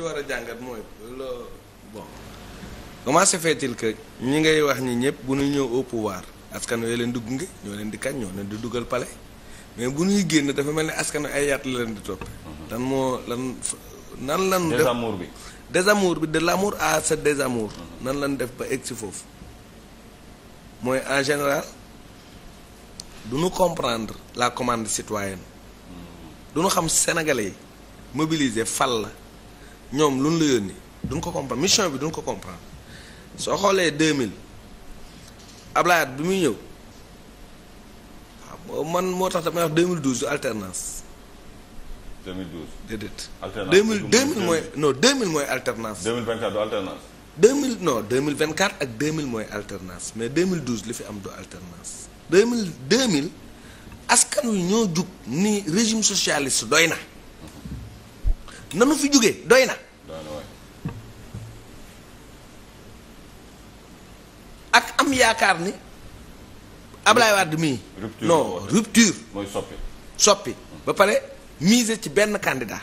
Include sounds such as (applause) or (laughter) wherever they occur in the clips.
ci war a jàngat mooy loo bon comment il que ñi ngay wax ñi ñëpp bu ñu ñëw au pouvoir askan wi leen di gunge ñoo leen di kañ ñoo leen di dugal pale mais bu ñuy génn dafa mel ni askan ay yaat la leen di topp lan moo lan nan lan def bi désamour bi de l'amour à ce désamour nan lan def ba egg si foofu mooy en général du ñu comprendre la commande citoyenne du ñu xam sénégalais yi mobiliser fal la ñoom lu ñu la du duñ ko comprendre mission bi duñ ko comprendre soo xoolee 2000 Ablaye Wade bi muy ñëw waaw man moo tax damay wax 2012 du alternance. 2012 déedéet. alternance 2000 2000 mooy non 2000 mooy alternance. 2024 du alternance. 2000 non 2024 ak 2000 mooy alternance mais 2012 li fi am du alternance. 2000 mille askan wi ñoo jug ni régime socialiste doy na. nanu fi jógee doy na ak am yaakaar ni Ablaye Wade mii non rupture mooy soppi soppi ba pare mise ci benn candidat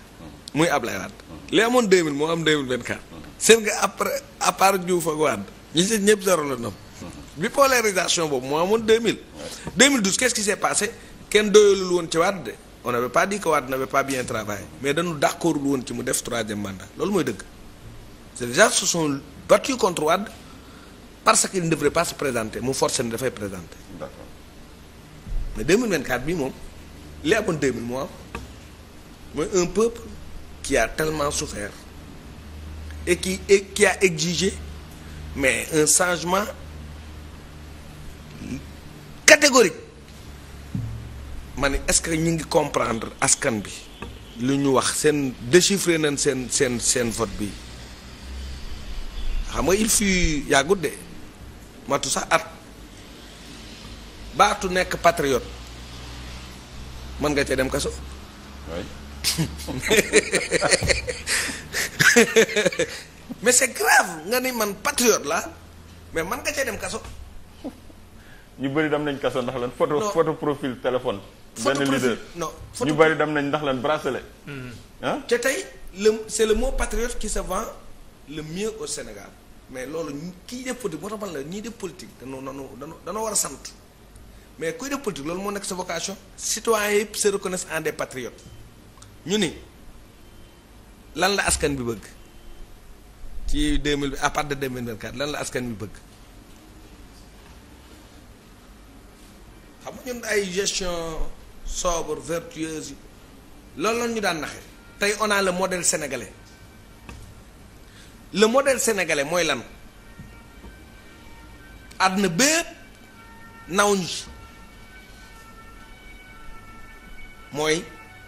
muy Ablaye Wade mm-hmm. li amoon 2000 moo am 2024 mm-hmm. seen nga après à part Diouf ak Wade ñi si ñëpp zéro la nam mm-hmm. bi polarisation boobu moo amoon 2000 2012 qu'est-ce qui s'est passé kenn doyalul woon ci Wade de on n'avait pas dit que Wade n'avait pas bien travaillé mais dañu d'accordul woon ci mu def troisième mandat loolu mooy dëgg les gens se sont battus contre Wade parce qu'il ne devrait pas présenter mu forcé ne dafay présenter d'accord mais 2024 moom li amoon 2000 moo am mooy un peuple qui a tellement souffert et qui et qui a exigé mais un changement catégorique ma ne est-ce que ñu ngi comprendre askan bi lu ñu wax seen déchiffrer nañ seen seen seen vote bi xam nga il fut yàggut de matu sax at baatu nekk patriote mën nga cee dem kaso. (laughs) mais c'est grave nga ni man patriote la mais mën nga cee dem kaso. (laughs) ñu bëri dem nañ kaso ndax lan photo photo profil téléphone. benn leader non ñu bari dem nañ ndax leen bracelet ah te tey le c'est le mot patriote qui se vend le mieux au Sénégal mais loolu kii def politique moo tax man la ñiy def politique danoo danoo danoo danoo war a sant mais kuy def politique loolu moo nekk sa vocation citoyens yëpp se reconnaissent en des patriotes ñu ni lan la askan bi bëgg ci deux mille à partir de deux mille vingt lan la askan bi bëgg xam nga ñun ay gestion sobre vertueuse yi loolu la ñu daan naxe tey on a le modèle sénégalais le modèle sénégalais mooy lan àdduna bépp naw ñu ci mooy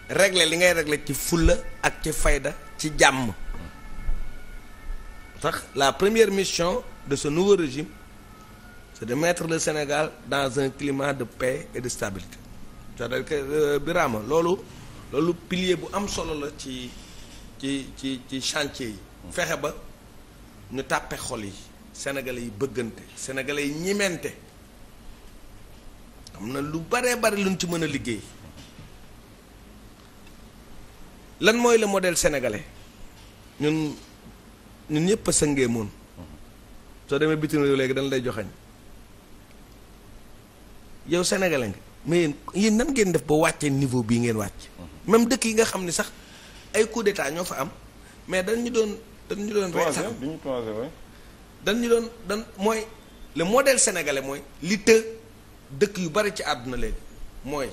régler li ngay régler ci fulla ak ci fayda ci jàmm tax la première mission de ce nouveau régime c'est de mettre le Sénégal dans un climat de paix et de stabilité c'est-à-dire que euh, loolu loolu pilier bu am solo la ci ci ci ci chantier yi fexe ba ñu tàppe xol yi sénégalais yi bëggante sénégalais yi ñimente am na lu baree bari luñ ci mën a liggéey lan mooy le modèle sénégalais ñun ñun ñëpp a sëngee moon soo demee bitim réew léegi dañ lay joxañ yow sénégalais nga mais yéen yéen nan ngeen def ba wàccee niveau bi ngeen wàcc. Mhm. même dëkk yi nga xam ni sax ay coup ñoo fa am mais dañ ñu doon dañ ñu doon. rey sax dañ ñu doon dañ mooy la modèle sénégalais mooy li të dëkk yu bari ci àdduna léegi mooy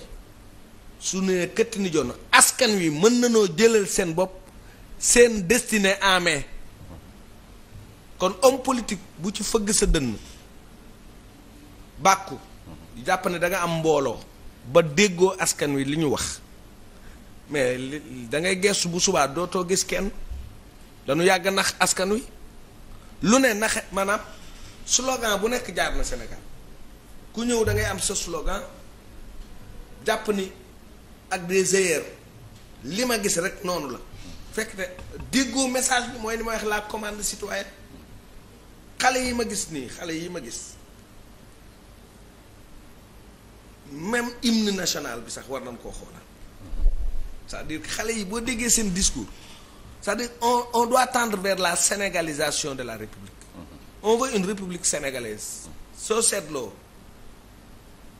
su ne këtt ni joon askan wi mën nanoo jëlal seen bopp seen destinée en mhm. kon homme politique bu ci fëgg sa dënn bàkku jàpp ne danga am mbooloo ba déggoo askan wi li ñu wax mais da ngay gestu bu subaa dootoo gis kenn dañu yàgg nax askan wi lu ne nax maanaam slogan bu nekk jaar na senegal ku ñëw da ngay am sa slogan jàpp ni ak des heures li ma gis rek noonu la fekk ne déggoo message bi mooy ni ma wax la commande citoyenne xale yi ma gis nii xale yi ma gis même hymne national bi sax war nañ koo xoolal c'est-à-dire que xale yi boo déggee seen discours c'est-à-dire on on doit tendre vers la sénégalisation de la république. on veut une république sénégalaise. soo seetloo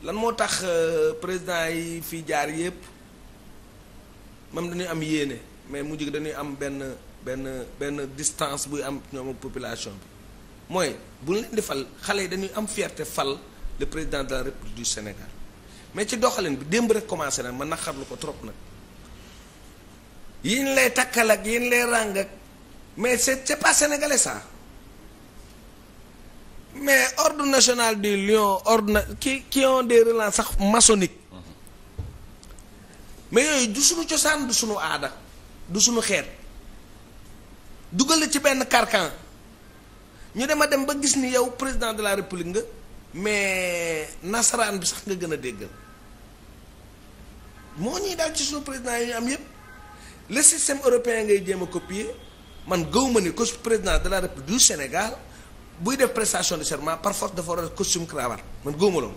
lan moo tax euh, président yi fii jaar yépp même dañuy am yéene mais mujj gi dañuy am benn benn benn distance buy am ñoom ak population bi mooy bu ñu leen di xale yi dañuy am fierté fal le président de la république du Sénégal. mais ci doxalin bi démb rek commencé na ma naqarlu ko trop nag yiñ lay takkal ak yiñ lay ràng mais c'est c'est pas sénégalais ça mais ordre national du lion ordre na qui qui ont des relents sax maçonniques mais yooyu du suñu cosaan du suñu aada du suñu xeet dugal ci benn carcan ñu dema dem ba gis ni yow président de la république nga mais nasaraan bi sax nga gën a déggal moo ñuy daal ci suñu président yi am yépp le système européen ngay jéem a copier man gëw ma ni ko président de la république du Sénégal buy def prestation de serment par force dafa war a costume cravate man gëw ma loolu